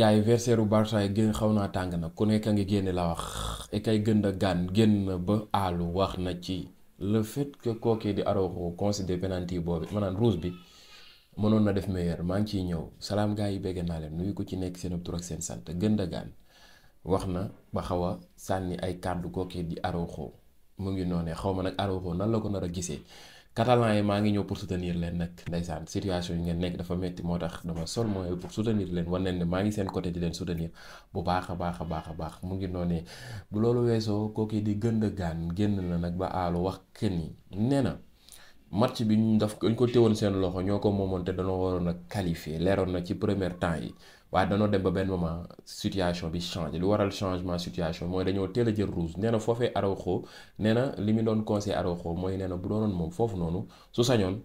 gars yi verseeru Barça yi gën xaw naa tàng na ku nekk ngi génne la wax et ay gën a gaan génn na ba aalu wax na ci le fait que kookee di Araujo considéré penalty boobu maanaam rouge bi mënoon na def meilleur maa ngi ciy ñëw salaam gars yi bégg naa leen nuyu ko ci nekk seen tur ak seen sant gën a gaan wax na ba xaw a sànni ay kàddu kookee di Araujo mu ngi noonee xaw ma nag Araujo nan la ko nar a gisee. catalan yi maa ngi ñëw pour soutenir leen nag ndeysaan situation yi ngeen nekk dafa metti moo tax dama sol mooy pour soutenir leen wan leen ne maa ngi seen côté di leen soutenir bu baax a baax a baax a baax mu ngi noonee bu loolu weesoo kooku di gënd gaan génn na nag ba aalo wax kenn ni nee na match bi ñu daf dañ ko téwoon seen loxo ñoo ko moomoon te dañoo waroon a qualifier leeroon na ci premier temps yi waaye dañoo dem ba benn moment situation bi changé lu waral changement situation mooy dañoo teel a jël rouge nee na foofee Araujo nee na li mu doon conseil Araujo mooy nee na bu doonoon moom foofu noonu su sañoon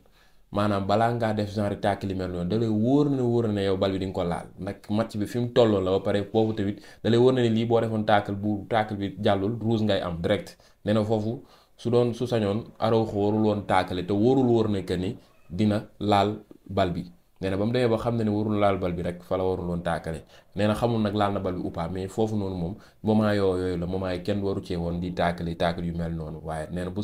maanaam balaa ngaa def genre tacle yu mel noonu da lay wóor ne wóor ne yow bal bi di nga ko laal nag match bi fi mu tolloo la ba pare foofu tamit da lay wóor ne lii boo defoon taakal bu tacle bi jàllul rouge ngay am direct nee na foofu. su doon su sañoon Araujo warul woon taakale te warul wóor ne que ni dina laal bal bi nee na ba mu demee ba xam ne ne warul laal bal bi rek fa la warul woon taakale nee na xamul nag laal na bal bi ou pas mais foofu noonu moom moment yoo yooyu la moment yi kenn waru cee woon di taakale taakale yu mel noonu waaye nee na bu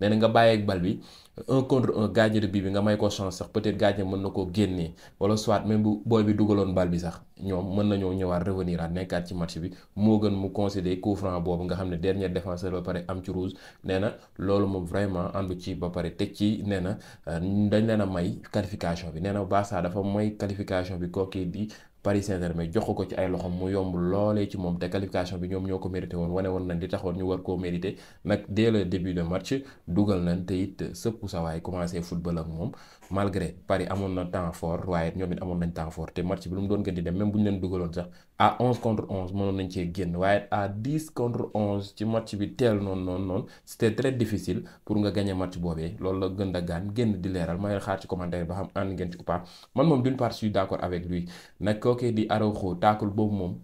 nee na nga bàyyeek bal bi un contre un bii bi nga may ko chance sax peut-être gardien mën na koo génnee wala soit même bu booy bi dugaloon bal bi sax ñoom mën nañoo ñëwaat revenir nekkaat ci match bi moo gën mu concéder couvrant boobu nga xam ne dernier défenseur ba pare am ci rouge nee na loolu moom vraiment àndu ci ba pare teg ci nee na euh, dañ leen a may qualification bi nee na Barça dafa may qualification bi kookii di Paris Saint-Germain jox ko ci ay loxom mu yomb loolee ci moom te qualification bi ñoom ñoo ko mérité woon wane woon nañ li taxoon ñu war koo mérité nag dès le début de match dugal nañ te it sëpp sa waay commencé football ak moom malgré Paris amoon na temps waaye ñoom it amoon nañ temps fort te match doon gën di dem même bu ñu leen dugaloon sax à 11 contre 11 mënoon nañ cee génn waaye à 10 contre 11 ci match bi teel noonu noon noonu c'était très difficile pour nga gagner match boobee loolu la gën a gaan génn di leeral ma xaar ci commentaire ba xam ànd ngeen ci ou pas man moom d'une part je kookee di Araujo taakul boobu moom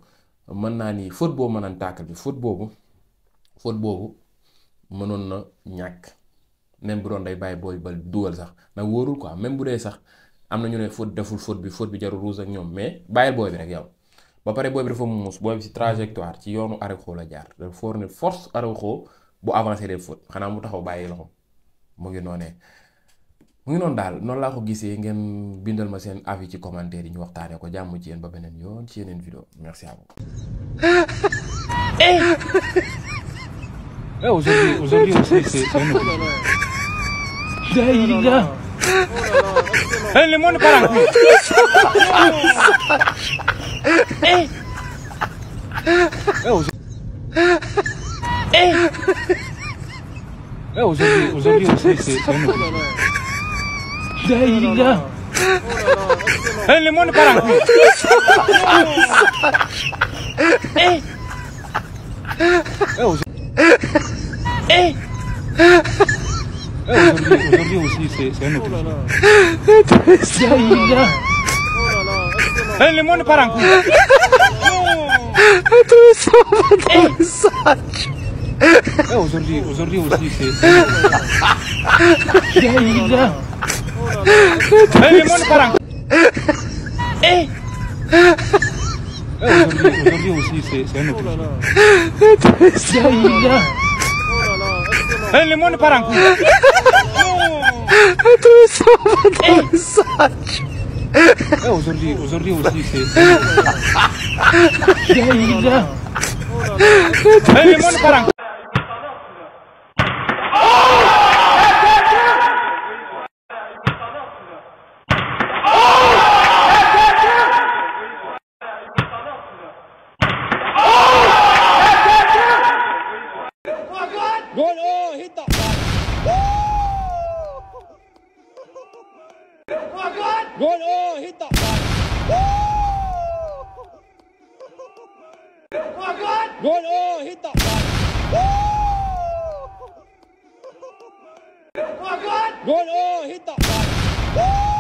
mën naa ni faute boobu mën naan tàkkal bi faute boobu faute boobu mënoon na ñàkk même bu doon day bàyyi booy ba dugal sax nag wóorul quoi même bu dee sax am na ñu ne faute deful faute bi faute bi jarul rouge ak ñoom mais bàyyil booy bi rek yow ba pare booy bi dafa muus booy bi si trajectoire ci yoonu Araujo la jaar dafa foor ne force bu avancé des fautes xanaa mu taxaw bàyyi loxo mu ngi noonee. mu ngi noonu daal noonu laa ko gisee ngeen bindal ma seen avis ci commentaire yi ñu waxtaane ko jàmm ci yéen ba beneen yoon ci yeneen vidéo merci à vous. Eh! Eh, aujourd'hui aujourd'hui aussi c'est Daïla. Eh, le Daïla. Eh, le monde part en couille. Eh. Eh. Aujourd'hui aussi, c'est un autre. Daïla. Eh, le monde part en couille. Trouve ça dans le sac. Aujourd'hui aussi, c'est un autre. Daïla. Eh Aujourd'hui aussi, c'est un autre. Le monde part en couille. Tous les sacs. Aujourd'hui aujourd'hui aussi, c'est un autre. Le monde part en couille. Good. Oh, hit that one. Woo! Oh, God. Good. Oh, hit that one. Woo!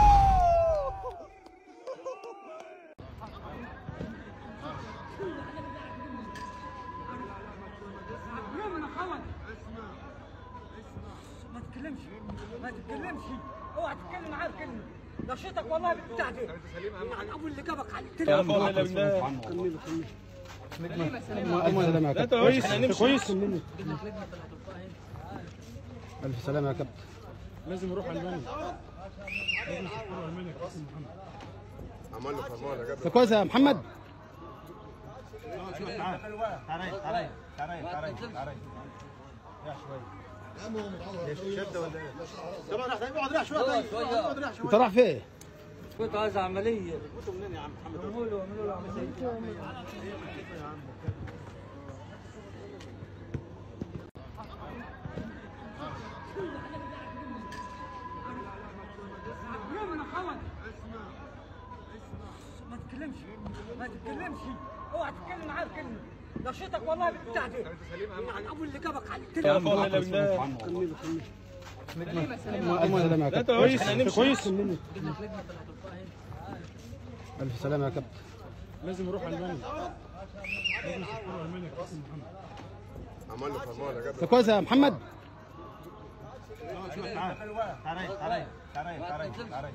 ما تتكلمش ما تتكلمش اوعى تتكلم معاه كلمه نشيطك والله بتاعتي سليم اهم حاجه ابو اللي جابك عليك كملوا كملوا ألف سلامة يا كابتن كويس كويس ألف سلامة يا كابتن لازم نروح ألمانيا لازم نروح ألمانيا كابتن محمد عملنا كويس يا محمد تعال تعال تعال تعال تعال شوية شدة ولا ايه؟ طبعا راح تقعد راح شوية طيب اقعد راح شوية انت رايح فين؟ كنت عايز عمليه جبتوا منين يا عم محمد اعملوا اعملوا له عمليه ما تتكلمش ما تتكلمش اوعى تتكلم معاه كلمه نشيطك والله بتاعتي عن اول اللي جابك على التليفون يا عم سلامة يا كابتن كويس كويس ألف سلامة يا كابتن لازم نروح ألمانيا لازم نشوف كورة ألمانيا كابتن محمد عمل له كويس يا محمد تعال تعال تعال تعال تعال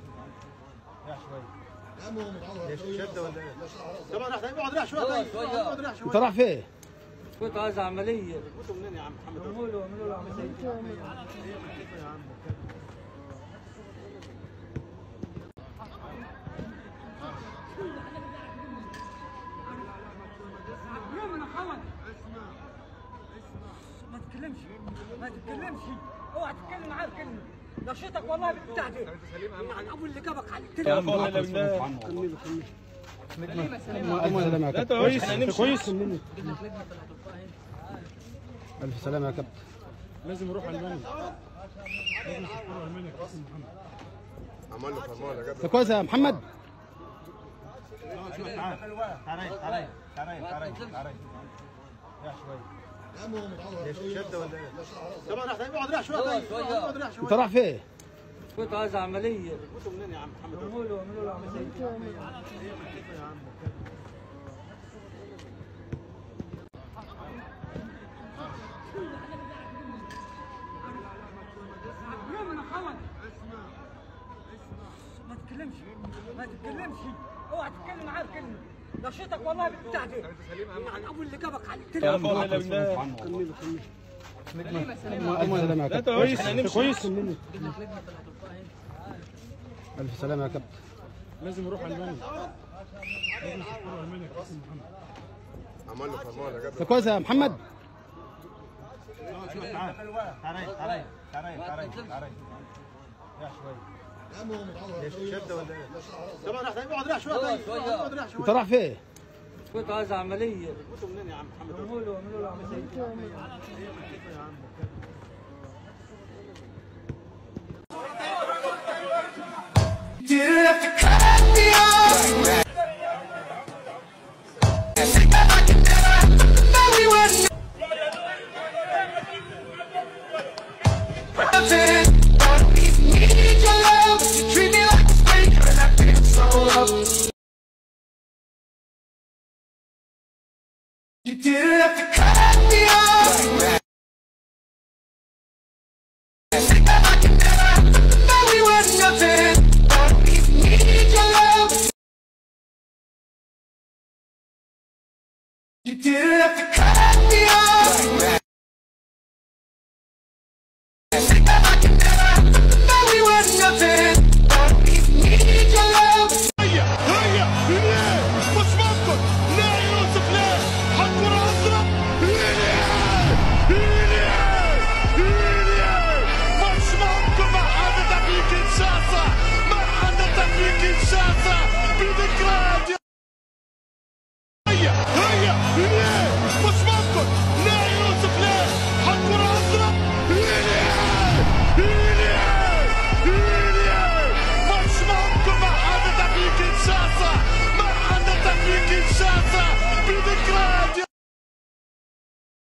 يا شوية شدة ولا ايه؟ طبعا راح تقعد راح شوية طيب اقعد راح شوية انت رايح فين؟ شوية عايز عملية بتموتوا منين يا عم محمد؟ اعملوا اعملوا له عملية اسمع اسمع ما تتكلمش ما تتكلمش اوعى تتكلم معاه بكلمه نشيطك والله بتاعتي اول اللي جابك على التليفون سلامة يا كابتن كويس كويس ألف سلامة يا كابتن لازم نروح ألمانيا لازم نروح ألمانيا عملنا فرمان يا كابتن كويس يا محمد تعال تعال تعال تعال تعال يا شوية شده ولا ايه؟ طبعا راح اقعد راح شويه طيب اقعد راح شويه انت راح فين؟ كنت عايز عمليه بتموتوا منين يا عم محمد اعملوا له اعملوا له عمليه يا عم ما تتكلمش ما تتكلمش اوعى تتكلم معاه كلمه نشيطك والله بتاعتي سليم ابو اللي جابك عليك تلعب والله كملوا كملوا سلامة يا كابتن كويس ألف سلامة يا كابتن لازم نروح ألمانيا لازم نروح ألمانيا كابتن محمد عملنا كويس يا محمد تعال تعال تعال تعال تعال شوية شدة ولا ايه؟ طبعا راح تقعد راح شوية طيب اقعد راح شوية انت رايح فين؟ كنت عايز عمليه جبتوا منين يا عم محمد اعملوا اعملوا له عمليه Don't even need your love, but you treat Vivier